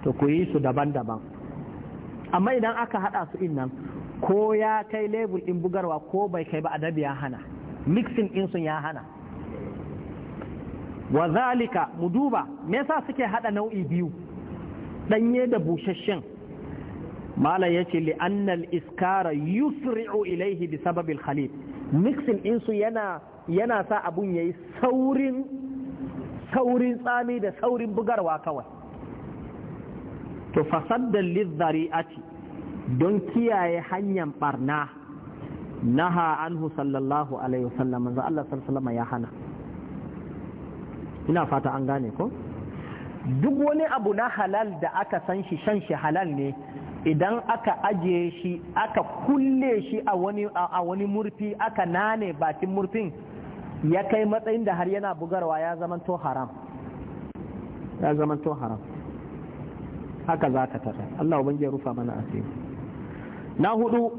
to ku yi su daban-daban amma idan aka haɗa su in nan ko ya kai lebul ɗin bugarwa ko bai kai ba adabi ya hana mixing ɗin sun ya hana wa zalika mu duba me yasa suke hada nau'i biyu danye da busasshen mala yace li annal iskara yusri'u ilaihi bi sababil khalid mixin insu yana yana sa abun yayi saurin saurin tsami da saurin bugarwa kawai to da lizzari'ati don kiyaye hanyar barna naha anhu sallallahu alaihi wasallam manzo Allah sallallahu ya hana ina fata an gane ko duk wani abu na halal da aka san shi shan shi halal ne idan aka ajiye shi aka kulle shi a wani a wani murfi aka nane bakin murfin ya kai matsayin da har yana bugarwa ya zama to haram ya zama to haram haka za ka tara Allah ubangi rufa mana asiri na hudu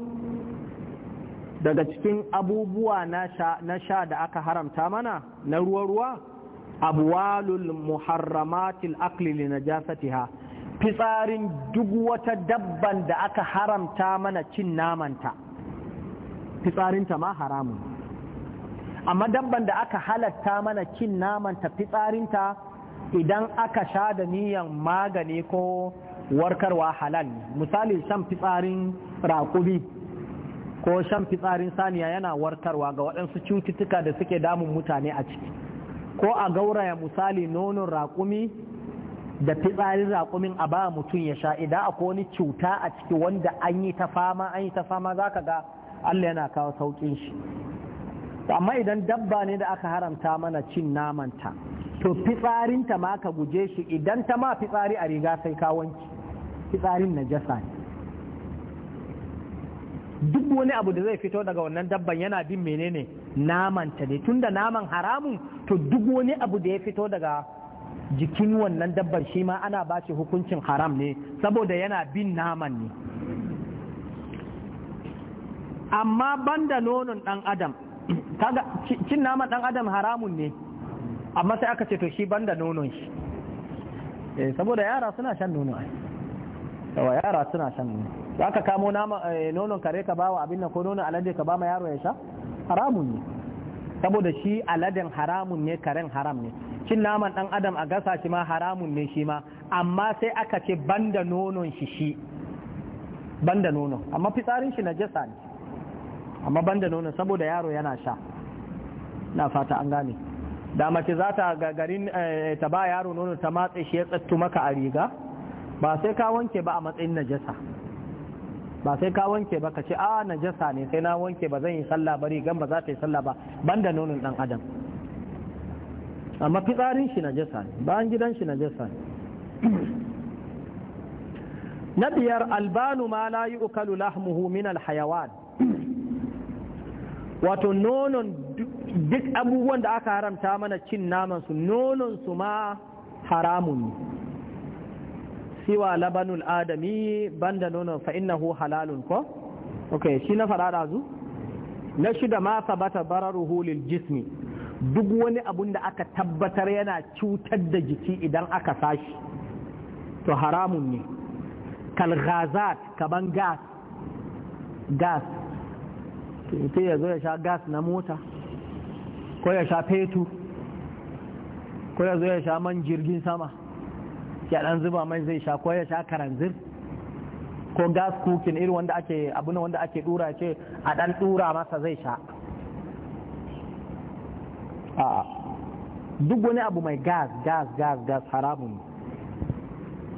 daga cikin abubuwa na sha da aka haramta mana na ruwa-ruwa abwalul muharramatil akli li najasatiha fitsarin duk wata dabban da aka haramta mana cin namanta fitsarinta ma haramun amma dabban da aka halatta mana cin namanta fitsarinta idan aka sha da niyan magani ko warkarwa halal misali shan fitsarin rakubi ko shan fitsarin saniya yana warkarwa ga waɗansu cututtuka da suke damun mutane a ciki ko a gauraya misali nonon raƙumi da fitsarin raƙumin a ba mutum ya sha idan a wani cuta a ciki wanda an yi ta fama an yi ta fama za ka ga Allah yana kawo sauƙin shi amma idan dabba ne da aka haramta mana cin namanta to fitsarinta ma ka guje shi idan ta ma fitsari a riga sai ka wanki fitsarin najasa ne duk wani abu da zai fito daga wannan dabban yana bin menene Naman ta ne tunda naman haramun to duk wani abu da ya fito daga jikin wannan dabbar shi ma ana ba shi hukuncin haram ne saboda yana bin naman ne amma banda nonon dan adam kaga cin naman dan adam haramun ne amma sai aka ce to shi banda nonon shi eh, saboda yara suna shan nono ai yara suna shan nono za ka kamo eh, nonon kare ka ba wa abin nan ko nonon alade ka ba ma yaro ya sha haramun ne saboda shi aladen haramun ne karen haram ne cin naman dan adam a gasa shi ma haramun ne shi ma amma sai aka ce banda nonon shi shi banda nonon amma fitsarin shi na jasa ne amma banda nonon saboda yaro yana sha na fata an gane da mace za ta gagarin eh, ta ba yaro nono ta matse shi ya tsattu maka a riga ba sai ka wanke ba a matsayin najasa ba sai ka wanke ba ka ce a ah, najasa ne sai na wanke ba zan yi sallah ba rigan ba za ta yi sallah ba banda nonon dan adam amma fitsarin shi najasa ne bayan gidan shi najasa ne na biyar albanu ma la yu'kalu lahmuhu min alhayawan wato nonon duk abubuwan da aka haramta mana cin naman su nonon su ma haramun siwa labanul adami banda nono fa innahu halalun ko okay shi na fara razu na shida ma sabata bararuhu lil jismi duk wani abun da aka tabbatar yana cutar da jiki idan aka sashi to haramun ne kalgazat kaman gas gas sai ya zo ya sha gas na mota ko ya sha fetur ko ya zo ya sha man jirgin sama ya dan zuba mai zai sha ko ya sha karanzir ko gas cooking irin wanda ake abu ne wanda ake dura ce a dan dura masa zai sha a duk wani abu mai gas gas gas gas haramun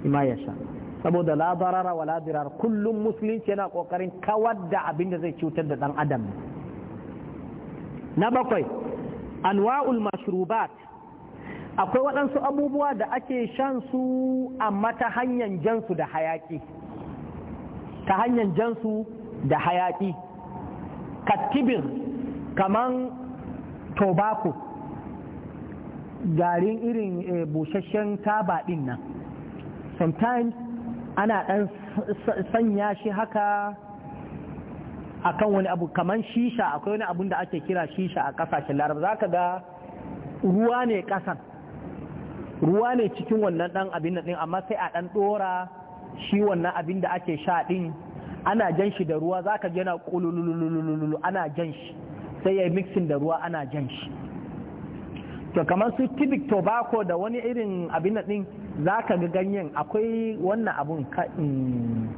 ima ya sha saboda la darara wala dirar kullum musulunci yana kokarin kawar da abin da zai cutar da dan adam na bakwai anwa'ul mashrubat akwai waɗansu abubuwa da ake shan su amma ta hanyar jansu da hayaƙi ta hanyar jansu da hayaƙi kattibir kamar tobako, garin irin eh, busasshen taba ɗin nan sometimes ana ɗan sanya shi haka akan wani abu kamar shisha akwai wani abun da ake kira shisha a ƙasashen laraba za ka ga ruwa ne ƙasan ruwa ne cikin wannan ɗan abin nan ɗin amma sai a ɗan ɗora shi wannan abin da ake sha ɗin ana jan shi da ruwa za ka yana ƙulululululu ana jan shi sai ya yi mixing da ruwa ana jan shi to kamar su tibik tobacco da wani irin abin nan ɗin za ka ga ganyen akwai wannan abun mm,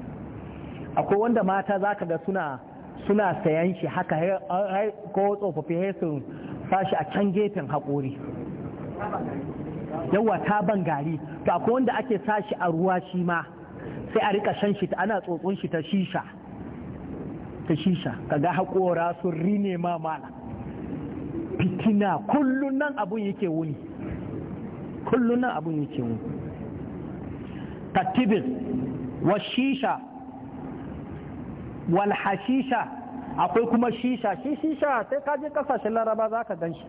akwai wanda mata za ka ga suna suna sayan shi haka ko tsofaffi sai fashi a can gefen haƙori yawa ban gari to akwai wanda ake sashi a ruwa shi ma sai a rika shan shi ana tsotson shi ta shisha ta shisha kaga haƙora sun rine ma mala fitina kullun nan abun yake wuni kullun nan abun yake wuni tattibin wa shisha wal hashisha akwai kuma shisha shi shisha sai ka je kasashen laraba za ka gan shi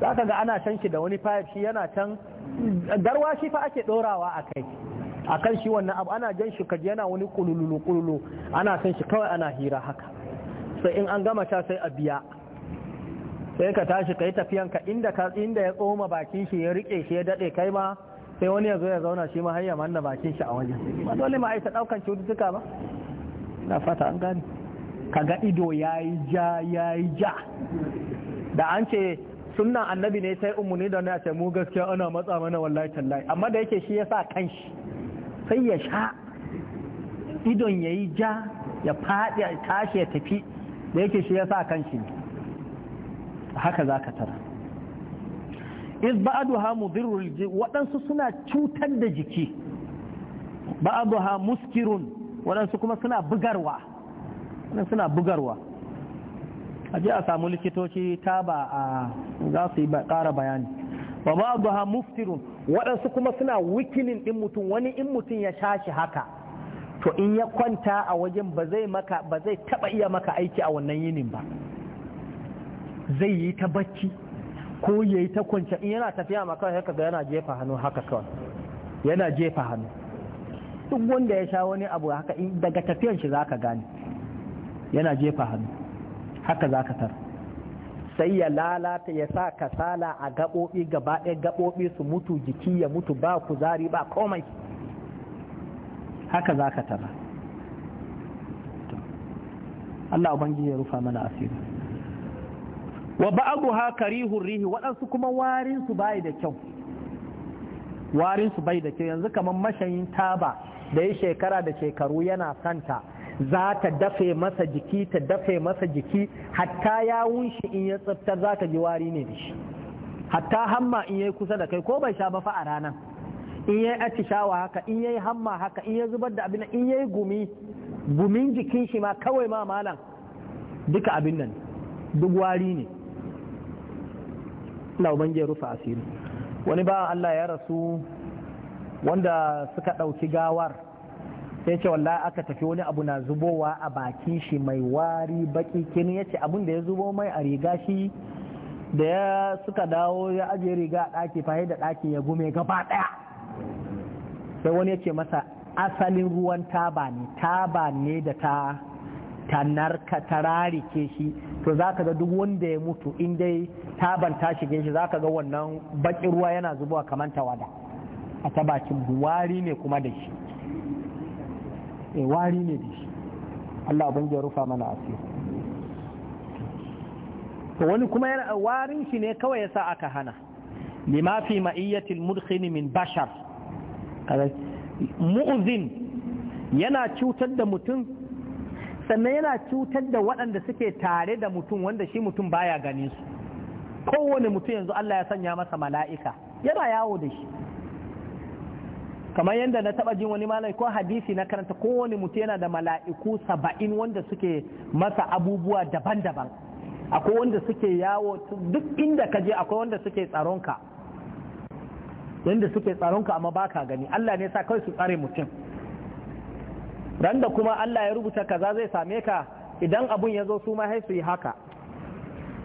za ka ga ana shan shi da wani fayar shi yana can garwa shi fa ake ɗorawa a kai a kan shi wannan abu ana jan shi kaji yana wani kululu kululu ana san shi kawai ana hira haka sai in an gama sha sai a biya sai ka tashi ka yi tafiyan ka inda ka inda ya tsoma bakin shi ya rike shi ya dade kai ma sai wani yazo ya zauna shi ma har ya manna bakin shi a wajen ba dole ma aita daukan cututtuka ba na fata an gane kaga ido yayi ja yayi ja da an ce sunnan annabi ne sai umarni da na ce mu gaskiya ana matsa mana wallahi tallahi amma da yake shi ya sa kanshi sai ya sha idon ya yi ja ya faɗi ya tashi ya tafi da yake shi ya sa kanshi haka za ka tara iz ba'aduha mudirrul waɗansu suna cutar da jiki ha muskirun waɗansu kuma suna bugarwa suna bugarwa a a samu likitoci ta ba a za su yi ƙara bayani wa ha muftirun waɗansu kuma suna wikilin ɗin mutum wani in mutum ya sha shi haka to in ya kwanta a wajen ba zai maka taba iya maka aiki a wannan yinin ba zai yi ta bacci ko ya yi ta kwanci in yana tafiya ma kawai haka yana jefa hannu haka kawai yana jefa hannu duk wanda ya sha wani abu haka daga tafiyan shi za ka gane yana jefa hannu haka za ka tar sai ya lalata ya sa kasala a gaɓoɓi gaba ɗaya gaɓoɓi su mutu jiki ya mutu ba kuzari ba komai haka za ka tara Allah Ubangiji ya rufa mana asiri wa ba'adu ha karihun rihi waɗansu kuma warin su bai da kyau warin su bai da kyau yanzu kamar mashayin taba da ya shekara da shekaru yana santa za ta dafe masa jiki ta dafe masa jiki hatta ya wunshi in ya tsafta za ka ji wari ne da shi hatta hamma in yayi kusa da kai ko bai sha ba fa a ranan in yayi atishawa haka in yayi hamma haka in ya zubar da abin in yayi gumi gumin jikin shi ma kawai ma malam duka abin nan duk wari ne Allah ubangiji ya rufa asiri wani ba Allah ya rasu wanda suka ɗauki gawar sai ce wallahi aka tafi wani abu na zubowa a bakin shi mai wari baki kini ya ce abin da ya zubo mai a riga shi da ya suka dawo ya ajiye riga a ɗaki fahe da ɗaki ya gume gaba ɗaya sai wani ya ce masa asalin ruwan taba ne taba ne da ta tanar ka ta rarike shi to za ka ga duk wanda ya mutu in dai taban ta shige shi za ka ga wannan baƙin ruwa yana zubowa kamar tawada a ta bakin buwari ne kuma da shi Eh, wari ne da shi Allah ban ya rufa mana asiri to wani kuma yana warin shi ne kawai yasa aka hana lima fi ma'iyyatil mudkhin min bashar Mu'uzin yana cutar da mutum sannan yana cutar da waɗanda suke tare da mutum wanda shi mutum baya ganin su kowane mutum yanzu Allah ya sanya masa mala'ika yana yawo da shi kamar yadda na taba jin wani malai ko hadisi na karanta kowane mutum yana da mala'iku saba'in wanda suke masa abubuwa daban-daban akwai wanda suke yawo duk inda ka je akwai wanda suke tsaronka yadda suke tsaronka amma ba ka gani Allah ne sa kawai su tsare mutum ran da kuma Allah ya rubuta kaza zai same ka idan abun ya zo su ma su yi haka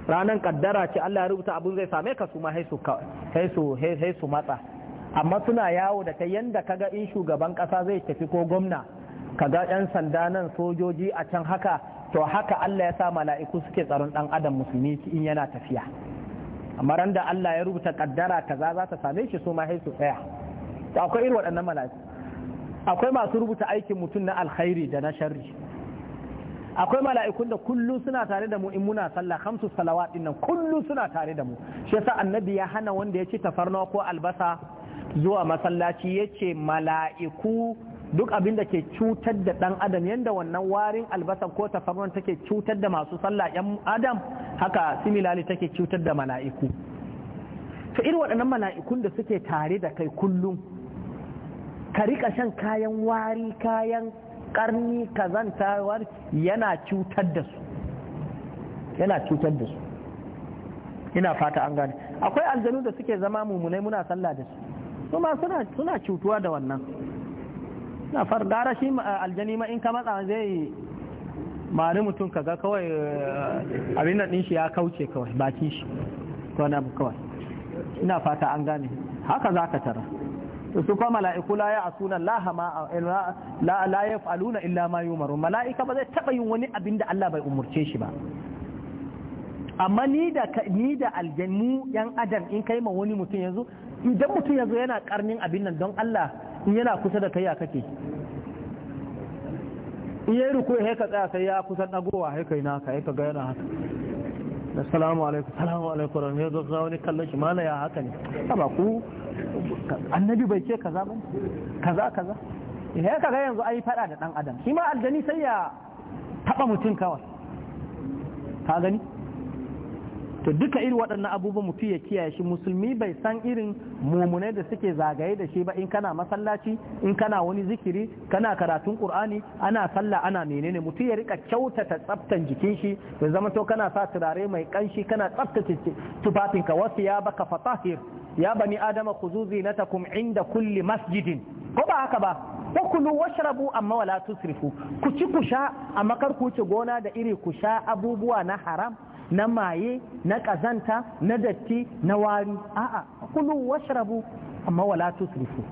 ranan kaddara ce Allah ya rubuta abun zai same ka su ma haisu matsa amma suna yawo da ta yanda ga in shugaban kasa zai tafi ko gwamna kaga yan sanda nan sojoji a can haka to haka Allah ya sa mala'iku suke tsaron dan adam musulmi in yana tafiya amma randa Allah ya rubuta kaddara kaza za ta same shi su ma hai su tsaya to akwai irin waɗannan mala'iku akwai masu rubuta aikin mutum na alkhairi da na sharri akwai mala'ikun da kullu suna tare da mu in muna sallah khamsu salawat din nan kullu suna tare da mu shi yasa annabi ya hana wanda ya ci tafarnuwa ko albasa zuwa masallaci ya ce mala'iku duk abin da ke cutar da ɗan adam yadda wannan warin albasa ko tafarnuwan take cutar da masu sallah yan adam haka similali take cutar da mala'iku to irin waɗannan mala'ikun da suke tare da kai kullum ka rika shan kayan wari kayan karni kazanta yana cutar da su yana cutar da su ina fata an gane akwai aljanu da suke zama mummunai muna sallah da su su ma suna cutuwa da wannan na far gara shi eh, aljani ma in ka matsa zai mari mutum kaga kawai eh, abin da ɗin shi ya kauce kawai baki shi to na kawai ina fata an gane haka za ka tara su kuma mala'iku la ya'suna laha ma eh, la la yaf'aluna illa ma yumaru mala'ika ba zai taba yin wani abin da Allah bai umurce shi ba amma ni da ni da aljannu yan adam in kai ma wani mutum yanzu idan mutum ya zo yana karnin abin nan don Allah in yana kusa da kai ya kake in yayi ruku ya ka tsaya sai ya kusan dagowa sai kai naka sai ka ga yana haka assalamu alaikum assalamu alaikum ran yazo zo wani kallon shi mala ya haka ne ba ku annabi bai ce kaza ba kaza kaza sai ka ga yanzu ai fada da dan adam shi ma aljani sai ya taba mutum kawai ka gani to duka irin waɗannan abubuwan mutum ya kiyaye shi musulmi bai san irin mumune da suke zagaye da shi ba in kana masallaci in kana wani zikiri kana karatun qur'ani ana sallah ana menene mutum ya rika kyautata tsaftan jikin shi ya zama to kana sa turare mai kanshi kana tsaftace tufafinka wasu ya baka fatahir ya bani adama na zinatakum inda kulli masjidin ko ba haka ba ko kulu washrabu amma wala tusrifu ku ci ku sha amma kar ku ci gona da iri ku sha abubuwa na haram na maye na ƙazanta na datti na wari a'a kulu washrabu amma wala tusrifu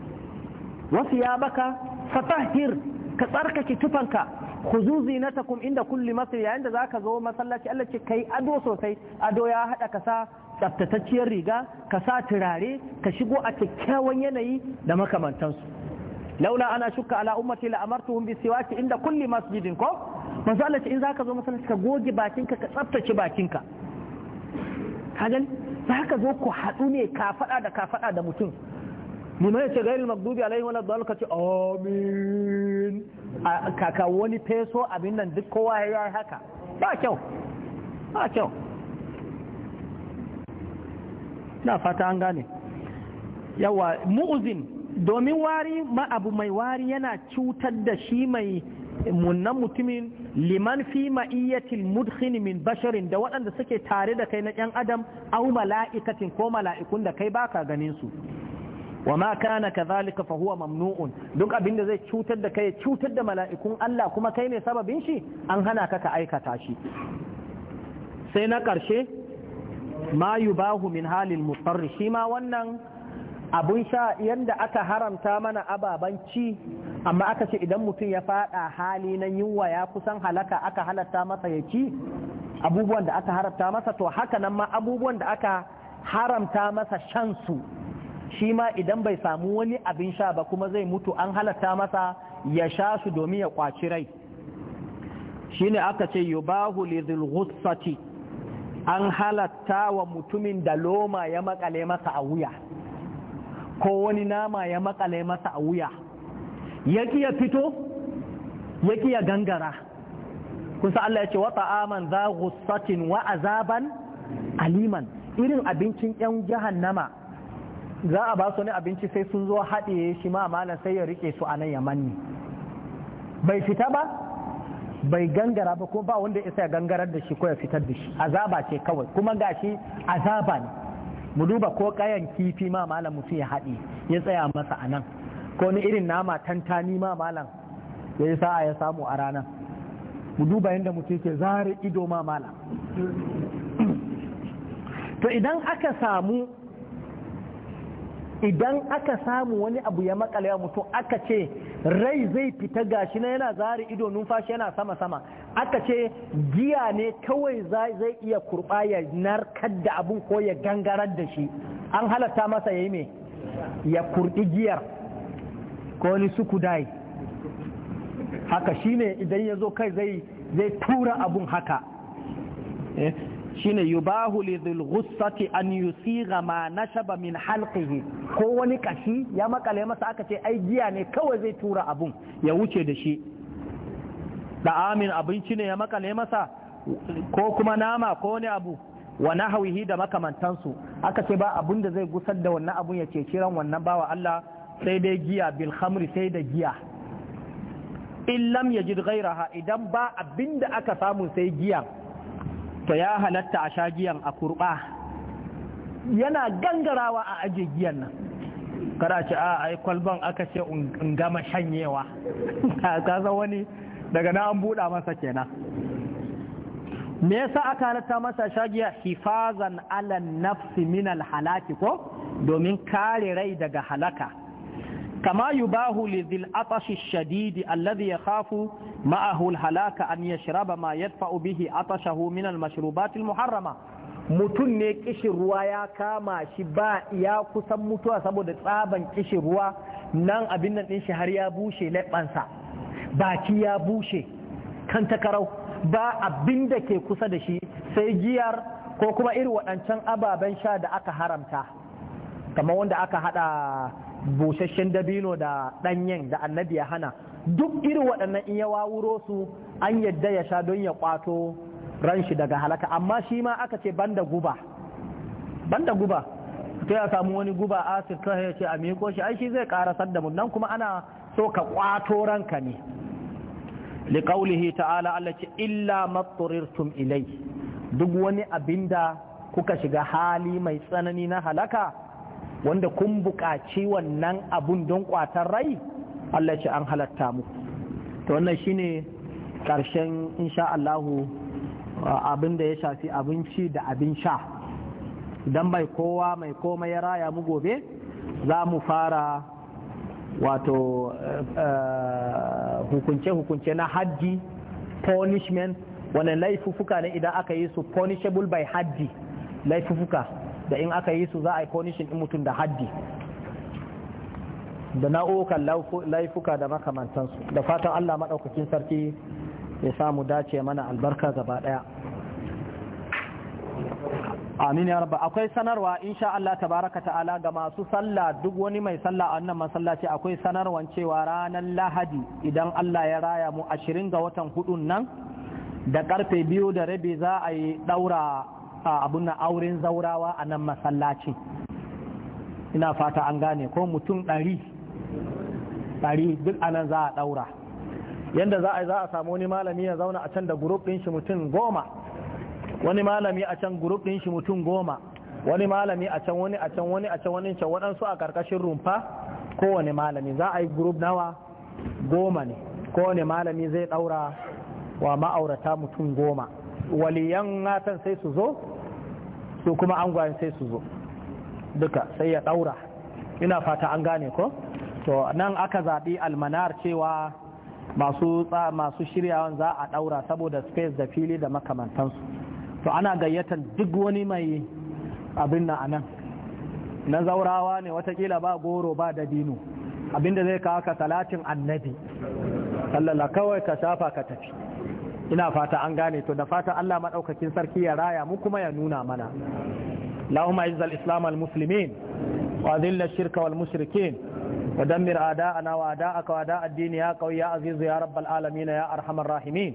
wasu ya baka fatahir ka tsarkake tufanka khuzu zinatakum inda kulli masjid yayin da zaka zo masallaci Allah ce kai ado sosai ado ya hada ka sa tsaftatacciyar riga ka sa turare ka shigo a kyakkyawan yanayi da makamantansu laula ana shukka ala ummati la amartuhum bi siwaki inda kulli masjidin ko manzo Allah ce in zaka zo masallaci ka goge bakinka ka tsaftace bakinka ka gani za ka zo ku haɗu ne ka faɗa da ka faɗa da mutum liman ya ce gairil magdubi alaihi wani dalil ka ce amin kaka wani feso abin nan duk kowa ya yi haka ba kyau ba kyau na fata an gane yawa mu'uzin domin wari ma abu mai wari yana cutar da shi mai munnan mutumin liman fi ma'iyyatil mudkhin min basharin da waɗanda suke tare da kai na ƴan adam aw mala'ikatin ko mala'ikun da kai baka ganin su wa ma kana kadhalika fa huwa mamnu'un duk abin da zai cutar da kai cutar da mala'ikun Allah kuma kai ne sababin shi an hana ka ka aikata shi sai na ƙarshe ma yubahu min halil mutarri shi ma wannan abun sha yanda aka haramta mana ababan ci amma aka ce idan mutum ya fada hali na yunwa ya kusan halaka aka halatta masa ya ci abubuwan da aka haramta masa to haka nan ma abubuwan da aka haramta masa shansu shi ma idan bai samu wani abin sha ba kuma zai mutu an halatta masa ya sha su domin ya kwaci rai ne aka ce yubahu hulizil ghussati an halatta wa mutumin da loma ya makale masa a wuya ko wani nama ya makale masa a wuya ya ya fito ya ya gangara kun sa Allah ya ce wa ta'aman za ghussatin wa azaban aliman irin abincin yan jahannama za a ba su ne abinci sai sun zo haɗiye shi ma malam sai ya rike su a nan yamanni bai fita ba bai gangara ba kuma ba wanda isa ya gangarar da shi ko ya fitar da shi azaba ce kawai kuma gashi azaba ne mu duba ko kayan kifi ma malam mutum ya haɗi ya tsaya masa a nan ko ni irin nama tantani ma malam ya yi sa'a ya samu a ranar mu duba yadda mutum ke zare ido ma malam to idan aka samu idan aka samu wani abu ya makalewa mutum aka ce rai zai fita gashi na yana zari ido numfashi yana sama-sama aka ce giya ne kawai zai iya kurba ya narkar da abun ko ya gangarar da shi an halatta masa ya yi me ya kurbi giyar ko ni suku dai haka shine idan ya zo kai zai tura abun haka eh, shine yubahu lidhil ghussati an yusiga ma nashaba min halqihi ko wani kashi ya makale masa aka ce ai giya ne kawai zai tura abun ya wuce da shi da amin abinci ne ya makale masa ko kuma nama ko wani abu wa nahawihi da makamantansu aka ce ba abun da zai gusar da wannan abun ya ce kiran wannan bawa Allah sai dai giya bil khamri sai da giya in lam yajid ghayraha idan ba abinda aka samu sai giya to ya halatta a sha giyan a kurba yana gangarawa a aje giyan nan kada ce a ah, ai kwalban aka ce in gama shanyewa ka kasan wani daga na an buɗa masa kenan me yasa aka halatta masa shagiya hifazan ala nafsi min halaki ko domin kare rai daga halaka kama yubahu lidhil atashi shadidi alladhi yakhafu ma'ahu halaka an yashraba ma yadfa'u bihi atashahu min al-mashrubat muharrama mutum ne kishin ruwa ya kama shi ba ya kusan mutuwa saboda tsaban kishin ruwa nan abin nan din shi har ya bushe leɓansa baki ya bushe kan takarau ba abin da ke kusa da shi sai giyar ko kuma irin waɗancan ababen sha da aka haramta kamar wanda aka haɗa. busasshen dabino da ɗanyen da annabi ya hana duk irin waɗannan in ya wawuro su an yadda ya sha don ya kwato ran shi daga halaka amma shi ma aka ce banda guba banda guba ta ya samu wani guba asir ta ya ce a miko shi ai shi zai karasar da mu nan kuma ana so ka ƙwato ranka ne liƙaulihi ta'ala Allah ce illa matsurirtum ilai duk wani abinda kuka shiga hali mai tsanani na halaka wanda kun buƙaci wannan abun don ƙwatar rai Allah ce an halatta mu to wannan shine karshen insha Allahu abin da ya shafi abinci da abin sha idan mai kowa mai koma ya raya mu gobe za mu fara wato eh, eh, hukunce-hukunce na haji punishment wani laifufuka ne idan aka yi su punishable by haji laifufuka da in aka yi su za a yi konishin in mutum da haddi da na'ukan laifuka da makamantansu da fatan Allah maɗaukakin sarki ya samu dace mana albarka gaba ɗaya amin ya rabba akwai sanarwa insha Allah tabaraka ta'ala ga masu sallah duk wani mai sallah a wannan masallaci akwai sanarwan cewa ranar lahadi idan Allah ya raya mu ashirin ga watan hudun nan da karfe biyu da rabi za a yi ɗaura abun na auren zaurawa a nan masallacin ina fata an gane ko mutum ɗari ɗari duk anan za a ɗaura yadda za a za a samu wani malami ya zauna a can da gurup ɗin shi mutum goma wani malami a can gurup ɗin shi mutum goma wani malami a can wani a can wani a can wani can waɗansu a ƙarƙashin rumfa kowane malami za a yi gurup nawa goma ne kowane malami zai ɗaura wa ma'aurata mutum goma waliyan matan sai su zo su kuma angwayen sai su zo duka sai ya daura ina fata an gane ko to nan aka zaɓi almanar cewa masu masu shiryawan za a daura saboda space da fili da makamantansu to ana gayyatar duk wani mai abin na anan na zaurawa ne watakila ba goro ba da dino abinda zai kawo ka salatin annabi sallala kawai ka shafa ka tafi ina fata an gane to da fata Allah maɗaukakin sarki ya raya mu kuma ya nuna mana lahum islam al muslimin wa dhilla shirka wal mushrikin wa dammir a'da'ana ya qawi ya aziz rahimin